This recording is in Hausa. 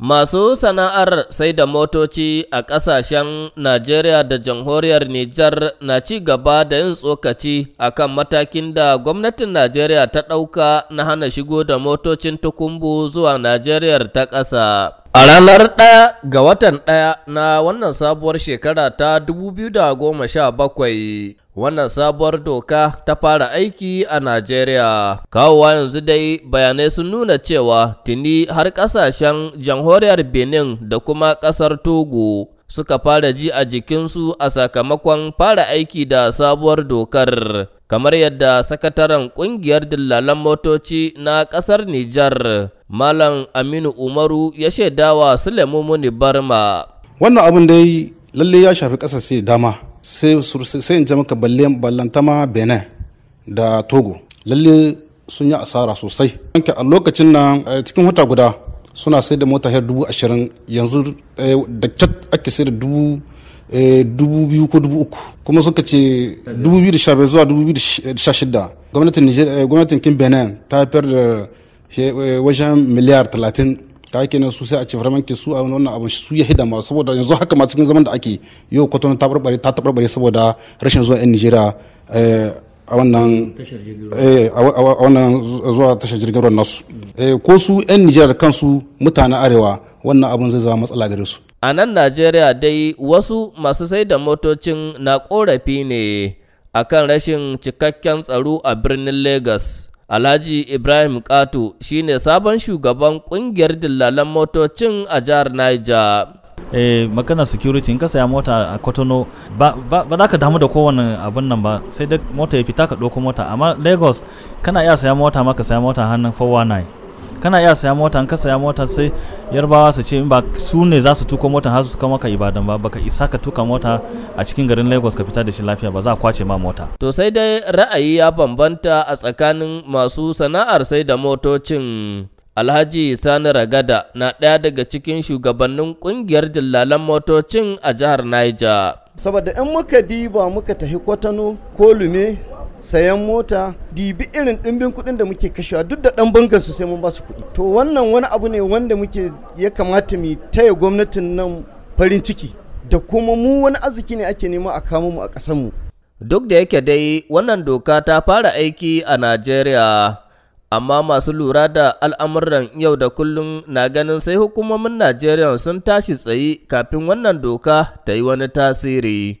Masu sana'ar sai da motoci a ƙasashen Najeriya da jamhuriyar Nijar na ci gaba da yin tsokaci a kan matakin da gwamnatin Najeriya ta ɗauka na hana shigo da motocin tukumbu zuwa Najeriya ta ƙasa. A ranar ɗaya ga watan ɗaya na wannan sabuwar shekara ta 2017 wannan sabuwar doka ta fara aiki a Najeriya. Kawowa yanzu dai bayanai sun nuna cewa tuni har ƙasashen jamhuriyar Benin da kuma ƙasar Togo suka fara ji a jikinsu a sakamakon fara aiki da sabuwar dokar. kamar yadda sakataren ƙungiyar dillalan motoci na ƙasar Nijar Malam Aminu Umaru ya shaidawa Sulemu Muni Barma. Wannan abin dai lalle ya shafi sai dama sai in maka ballantama Benin da Togo. Lalle sun yi asara sosai. A lokacin nan eh, cikin wata guda suna sai da mota har dubu ashirin yanzu eh, da cat ake sai da dubu Eh, dubu ko dubu uku kuma suka ce 2015 zuwa 2016 gwamnatin eh, gwamnatin kin benin ta haifar da eh, wajen miliyar talatin ka ake nan su sai a ce farman ke su a wannan abin su ya hidama saboda yanzu haka ma cikin zaman da ake yau kwatano ta barbare ta tabarbare saboda rashin zuwa yan nigeria a wannan a wannan zuwa tashar jirgin ruwan nasu ko su yan nigeria kansu mutanen arewa wannan abin zai zama matsala gare su A nan Najeriya dai wasu masu sai da motocin na ƙorafi ne a kan rashin cikakken tsaro a birnin Legas. Alhaji Ibrahim Kato ne sabon shugaban ƙungiyar dillalan motocin a jihar Niger. eh, magana security in ka saya mota a kotono ba, za ka damu da kowane abin nan ba sai dai mota ya fita ka ɗauko mota amma lagos kana iya saya mota ma ka saya mota hannun 419 kana iya saya mota an ka saya mota sai yarbawa su ce in ba su ne za su tuko mota har su kama ka ibadan ba baka isa ka tuka mota a cikin garin lagos ka fita da shi lafiya ba za a kwace ma mota to sai dai ra'ayi ya bambanta a tsakanin masu sana'ar sai da motocin Alhaji Sani Ragada na ɗaya daga cikin shugabannin ƙungiyar dillalan motocin a jihar Niger. Saboda in muka diba muka tafi Kwatano ko Lume sayan mota dibi irin ɗimbin kuɗin da muke kashewa duk da ɗan bangar su sai mun ba su kuɗi to wannan wani abu ne wanda muke ya kamata mu taya gwamnatin nan farin ciki da kuma mu wani arziki ne ake nema a kama mu a mu. duk da yake dai wannan doka ta fara aiki a najeriya amma masu lura da al'amuran yau da kullum na ganin sai hukumomin najeriya sun tashi tsaye kafin wannan doka ta yi wani tasiri